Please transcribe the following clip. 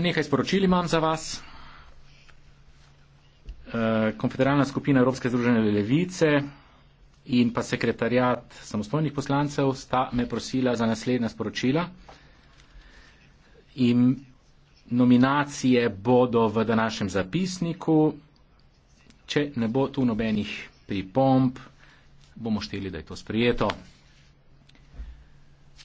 nekaj sporočili imam za vas. Eh, Konfederalna skupina Evropske združene levice in pa sekretarjat samostojnih poslancev sta me prosila za naslednja sporočila. In nominacije bodo v današnjem zapisniku. Če ne bo tu nobenih pripomb, bomo šteli, da je to sprijeto.